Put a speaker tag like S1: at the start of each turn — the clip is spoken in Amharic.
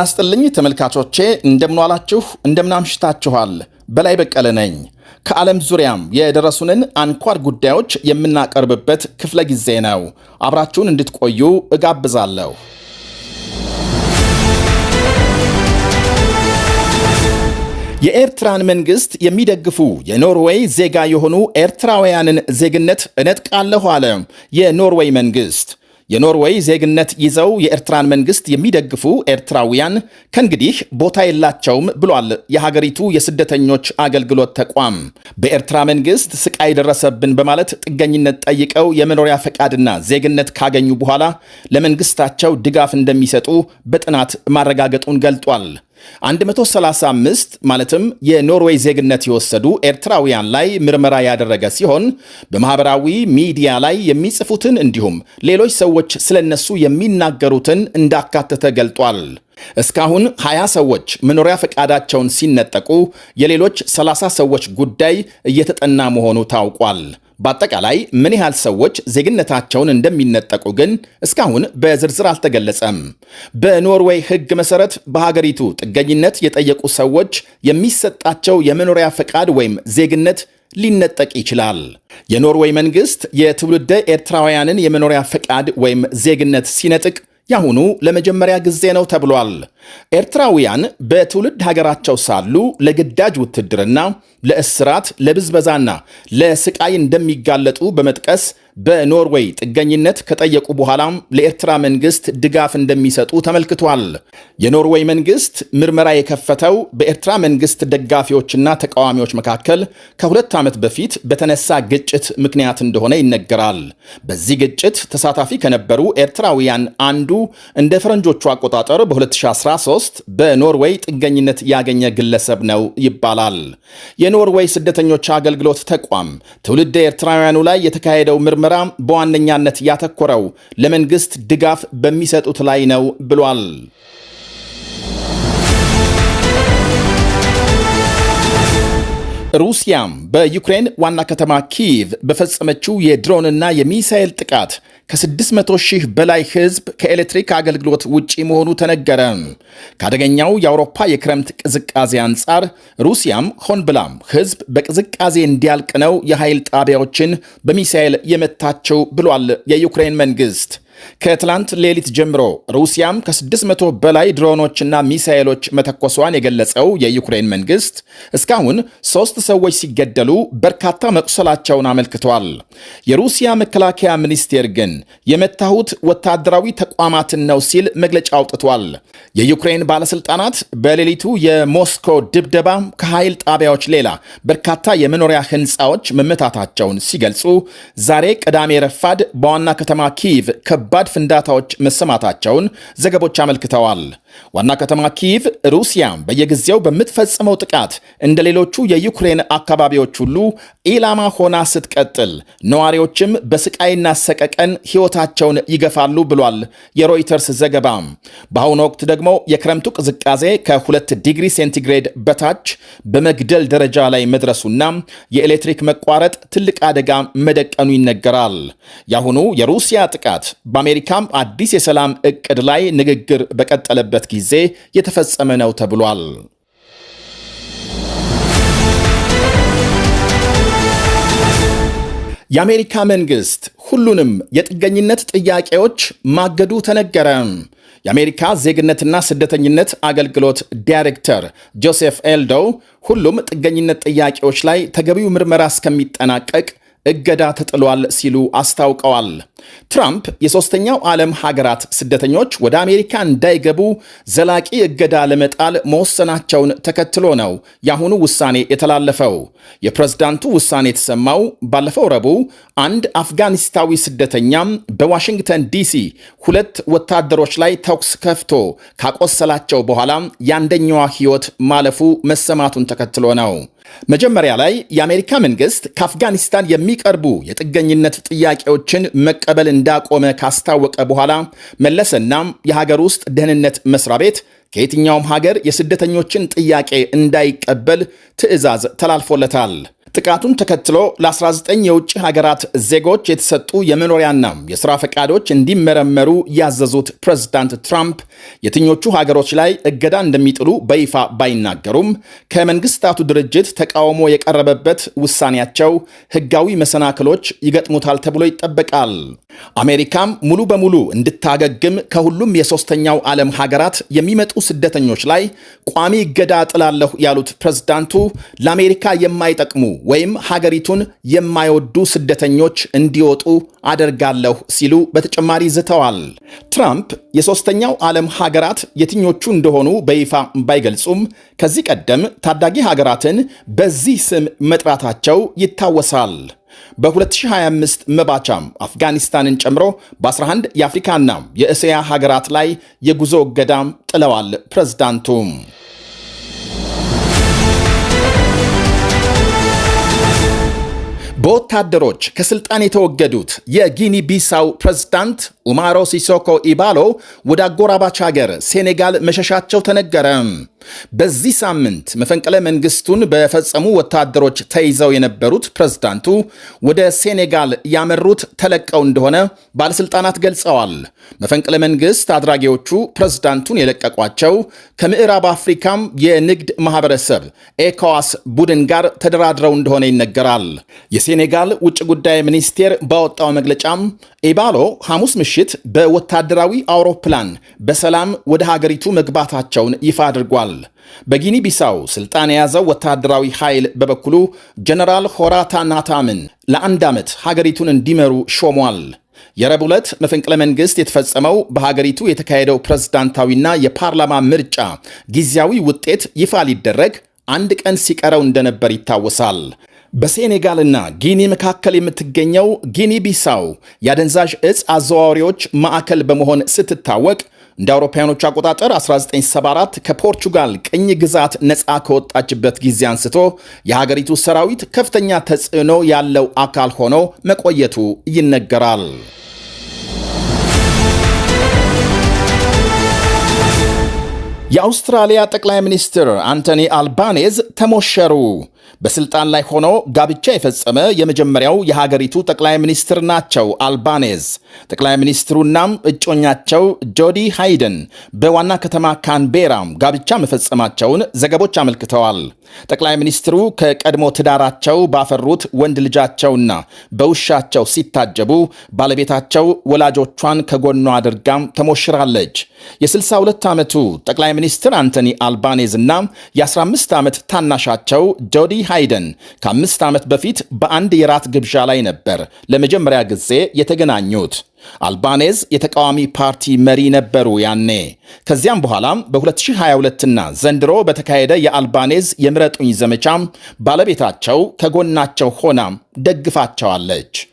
S1: ጤና ስጥልኝ ተመልካቾቼ፣ እንደምንዋላችሁ እንደምናምሽታችኋል። በላይ በቀለ ነኝ። ከዓለም ዙሪያም የደረሱንን አንኳር ጉዳዮች የምናቀርብበት ክፍለ ጊዜ ነው። አብራችሁን እንድትቆዩ እጋብዛለሁ። የኤርትራን መንግስት የሚደግፉ የኖርዌይ ዜጋ የሆኑ ኤርትራውያንን ዜግነት እነጥቃለሁ አለ የኖርዌይ መንግስት። የኖርዌይ ዜግነት ይዘው የኤርትራን መንግስት የሚደግፉ ኤርትራውያን ከእንግዲህ ቦታ የላቸውም ብሏል የሀገሪቱ የስደተኞች አገልግሎት ተቋም። በኤርትራ መንግስት ስቃይ ደረሰብን በማለት ጥገኝነት ጠይቀው የመኖሪያ ፈቃድና ዜግነት ካገኙ በኋላ ለመንግስታቸው ድጋፍ እንደሚሰጡ በጥናት ማረጋገጡን ገልጧል። 135 ማለትም የኖርዌይ ዜግነት የወሰዱ ኤርትራውያን ላይ ምርመራ ያደረገ ሲሆን በማህበራዊ ሚዲያ ላይ የሚጽፉትን እንዲሁም ሌሎች ሰዎች ስለነሱ የሚናገሩትን እንዳካተተ ገልጧል። እስካሁን 20 ሰዎች መኖሪያ ፈቃዳቸውን ሲነጠቁ የሌሎች 30 ሰዎች ጉዳይ እየተጠና መሆኑ ታውቋል። በአጠቃላይ ምን ያህል ሰዎች ዜግነታቸውን እንደሚነጠቁ ግን እስካሁን በዝርዝር አልተገለጸም። በኖርዌይ ሕግ መሰረት በሀገሪቱ ጥገኝነት የጠየቁ ሰዎች የሚሰጣቸው የመኖሪያ ፈቃድ ወይም ዜግነት ሊነጠቅ ይችላል። የኖርዌይ መንግስት የትውልደ ኤርትራውያንን የመኖሪያ ፈቃድ ወይም ዜግነት ሲነጥቅ ያሁኑ ለመጀመሪያ ጊዜ ነው ተብሏል። ኤርትራውያን በትውልድ ሀገራቸው ሳሉ ለግዳጅ ውትድርና፣ ለእስራት፣ ለብዝበዛና ለስቃይ እንደሚጋለጡ በመጥቀስ በኖርዌይ ጥገኝነት ከጠየቁ በኋላም ለኤርትራ መንግስት ድጋፍ እንደሚሰጡ ተመልክቷል። የኖርዌይ መንግስት ምርመራ የከፈተው በኤርትራ መንግስት ደጋፊዎችና ተቃዋሚዎች መካከል ከሁለት ዓመት በፊት በተነሳ ግጭት ምክንያት እንደሆነ ይነገራል። በዚህ ግጭት ተሳታፊ ከነበሩ ኤርትራውያን አንዱ እንደ ፈረንጆቹ አቆጣጠር በ2011 2013 በኖርዌይ ጥገኝነት ያገኘ ግለሰብ ነው ይባላል። የኖርዌይ ስደተኞች አገልግሎት ተቋም ትውልድ ኤርትራውያኑ ላይ የተካሄደው ምርመራ በዋነኛነት ያተኮረው ለመንግስት ድጋፍ በሚሰጡት ላይ ነው ብሏል። ሩሲያም በዩክሬን ዋና ከተማ ኪቭ በፈጸመችው የድሮንና የሚሳኤል ጥቃት ከ600 ሺህ በላይ ሕዝብ ከኤሌክትሪክ አገልግሎት ውጪ መሆኑ ተነገረ። ከአደገኛው የአውሮፓ የክረምት ቅዝቃዜ አንጻር ሩሲያም ሆን ብላም ሕዝብ በቅዝቃዜ እንዲያልቅ ነው የኃይል ጣቢያዎችን በሚሳኤል የመታቸው ብሏል የዩክሬን መንግስት ከትላንት ሌሊት ጀምሮ ሩሲያም ከ600 በላይ ድሮኖችና ሚሳኤሎች መተኮሷን የገለጸው የዩክሬን መንግስት እስካሁን ሦስት ሰዎች ሲገደሉ በርካታ መቁሰላቸውን አመልክቷል። የሩሲያ መከላከያ ሚኒስቴር ግን የመታሁት ወታደራዊ ተቋማትን ነው ሲል መግለጫ አውጥቷል። የዩክሬን ባለሥልጣናት በሌሊቱ የሞስኮ ድብደባ ከኃይል ጣቢያዎች ሌላ በርካታ የመኖሪያ ሕንፃዎች መመታታቸውን ሲገልጹ ዛሬ ቅዳሜ ረፋድ በዋና ከተማ ኪይቭ ከ ከባድ ፍንዳታዎች መሰማታቸውን ዘገቦች አመልክተዋል። ዋና ከተማ ኪይቭ ሩሲያ በየጊዜው በምትፈጽመው ጥቃት እንደ ሌሎቹ የዩክሬን አካባቢዎች ሁሉ ኢላማ ሆና ስትቀጥል፣ ነዋሪዎችም በስቃይና ሰቀቀን ሕይወታቸውን ይገፋሉ ብሏል የሮይተርስ ዘገባ። በአሁኑ ወቅት ደግሞ የክረምቱ ቅዝቃዜ ከሁለት ዲግሪ ሴንቲግሬድ በታች በመግደል ደረጃ ላይ መድረሱና የኤሌክትሪክ መቋረጥ ትልቅ አደጋ መደቀኑ ይነገራል። የአሁኑ የሩሲያ ጥቃት በአሜሪካም አዲስ የሰላም እቅድ ላይ ንግግር በቀጠለበት ጊዜ የተፈጸመ ነው ተብሏል። የአሜሪካ መንግሥት ሁሉንም የጥገኝነት ጥያቄዎች ማገዱ ተነገረ። የአሜሪካ ዜግነትና ስደተኝነት አገልግሎት ዳይሬክተር ጆሴፍ ኤልዶው ሁሉም ጥገኝነት ጥያቄዎች ላይ ተገቢው ምርመራ እስከሚጠናቀቅ እገዳ ተጥሏል ሲሉ አስታውቀዋል። ትራምፕ የሦስተኛው ዓለም ሀገራት ስደተኞች ወደ አሜሪካ እንዳይገቡ ዘላቂ እገዳ ለመጣል መወሰናቸውን ተከትሎ ነው የአሁኑ ውሳኔ የተላለፈው። የፕሬዝዳንቱ ውሳኔ የተሰማው ባለፈው ረቡዕ አንድ አፍጋኒስታዊ ስደተኛም በዋሽንግተን ዲሲ ሁለት ወታደሮች ላይ ተኩስ ከፍቶ ካቆሰላቸው በኋላ የአንደኛዋ ሕይወት ማለፉ መሰማቱን ተከትሎ ነው። መጀመሪያ ላይ የአሜሪካ መንግስት ከአፍጋኒስታን የሚቀርቡ የጥገኝነት ጥያቄዎችን መቀበል እንዳቆመ ካስታወቀ በኋላ መለሰና የሀገር ውስጥ ደህንነት መስሪያ ቤት ከየትኛውም ሀገር የስደተኞችን ጥያቄ እንዳይቀበል ትዕዛዝ ተላልፎለታል። ጥቃቱን ተከትሎ ለ19 የውጭ ሀገራት ዜጎች የተሰጡ የመኖሪያና የሥራ ፈቃዶች እንዲመረመሩ ያዘዙት ፕሬዝዳንት ትራምፕ የትኞቹ ሀገሮች ላይ እገዳ እንደሚጥሉ በይፋ ባይናገሩም ከመንግስታቱ ድርጅት ተቃውሞ የቀረበበት ውሳኔያቸው ህጋዊ መሰናክሎች ይገጥሙታል ተብሎ ይጠበቃል። አሜሪካም ሙሉ በሙሉ እንድታገግም ከሁሉም የሦስተኛው ዓለም ሀገራት የሚመጡ ስደተኞች ላይ ቋሚ እገዳ ጥላለሁ ያሉት ፕሬዝዳንቱ ለአሜሪካ የማይጠቅሙ ወይም ሀገሪቱን የማይወዱ ስደተኞች እንዲወጡ አደርጋለሁ ሲሉ በተጨማሪ ዝተዋል። ትራምፕ የሦስተኛው ዓለም ሀገራት የትኞቹ እንደሆኑ በይፋ ባይገልጹም ከዚህ ቀደም ታዳጊ ሀገራትን በዚህ ስም መጥራታቸው ይታወሳል። በ2025 መባቻም አፍጋኒስታንን ጨምሮ በ11 የአፍሪካና የእስያ ሀገራት ላይ የጉዞ እገዳም ጥለዋል ፕሬዝዳንቱ። በወታደሮች ከስልጣን የተወገዱት የጊኒ ቢሳው ፕሬዝዳንት ኡማሮ ሲሶኮ ኢባሎ ወደ አጎራባች ሀገር ሴኔጋል መሸሻቸው ተነገረ። በዚህ ሳምንት መፈንቅለ መንግስቱን በፈጸሙ ወታደሮች ተይዘው የነበሩት ፕሬዝዳንቱ ወደ ሴኔጋል ያመሩት ተለቀው እንደሆነ ባለስልጣናት ገልጸዋል። መፈንቅለ መንግስት አድራጊዎቹ ፕሬዝዳንቱን የለቀቋቸው ከምዕራብ አፍሪካም የንግድ ማህበረሰብ ኤኮዋስ ቡድን ጋር ተደራድረው እንደሆነ ይነገራል። የሴኔጋል ውጭ ጉዳይ ሚኒስቴር ባወጣው መግለጫም ኢባሎ ሐሙስ ምሽት በወታደራዊ አውሮፕላን በሰላም ወደ ሀገሪቱ መግባታቸውን ይፋ አድርጓል። በጊኒ ቢሳው ስልጣን የያዘው ወታደራዊ ኃይል በበኩሉ ጀነራል ሆራታ ናታምን ለአንድ ዓመት ሀገሪቱን እንዲመሩ ሾሟል። የረቡዕ ዕለት መፈንቅለ መንግስት የተፈጸመው በሀገሪቱ የተካሄደው ፕሬዝዳንታዊና የፓርላማ ምርጫ ጊዜያዊ ውጤት ይፋ ሊደረግ አንድ ቀን ሲቀረው እንደነበር ይታወሳል። በሴኔጋልና ጊኒ መካከል የምትገኘው ጊኒ ቢሳው የአደንዛዥ እጽ አዘዋዋሪዎች ማዕከል በመሆን ስትታወቅ እንደ አውሮፓውያኖች አቆጣጠር 1974 ከፖርቹጋል ቅኝ ግዛት ነፃ ከወጣችበት ጊዜ አንስቶ የሀገሪቱ ሰራዊት ከፍተኛ ተጽዕኖ ያለው አካል ሆኖ መቆየቱ ይነገራል። የአውስትራሊያ ጠቅላይ ሚኒስትር አንቶኒ አልባኔዝ ተሞሸሩ። በስልጣን ላይ ሆኖ ጋብቻ የፈጸመ የመጀመሪያው የሀገሪቱ ጠቅላይ ሚኒስትር ናቸው። አልባኔዝ ጠቅላይ ሚኒስትሩናም እጮኛቸው ጆዲ ሃይደን በዋና ከተማ ካንቤራም ጋብቻ መፈጸማቸውን ዘገቦች አመልክተዋል። ጠቅላይ ሚኒስትሩ ከቀድሞ ትዳራቸው ባፈሩት ወንድ ልጃቸውና በውሻቸው ሲታጀቡ ባለቤታቸው ወላጆቿን ከጎኗ አድርጋም ተሞሽራለች። የ62 ዓመቱ ጠቅላይ ሚኒስትር አንቶኒ አልባኔዝ እና የ15 ዓመት ታናሻቸው ጆዲ ሃይደን ከአምስት ዓመት በፊት በአንድ የራት ግብዣ ላይ ነበር ለመጀመሪያ ጊዜ የተገናኙት። አልባኔዝ የተቃዋሚ ፓርቲ መሪ ነበሩ ያኔ። ከዚያም በኋላም በ2022ና ዘንድሮ በተካሄደ የአልባኔዝ የምረጡኝ ዘመቻም ባለቤታቸው ከጎናቸው ሆና ደግፋቸዋለች።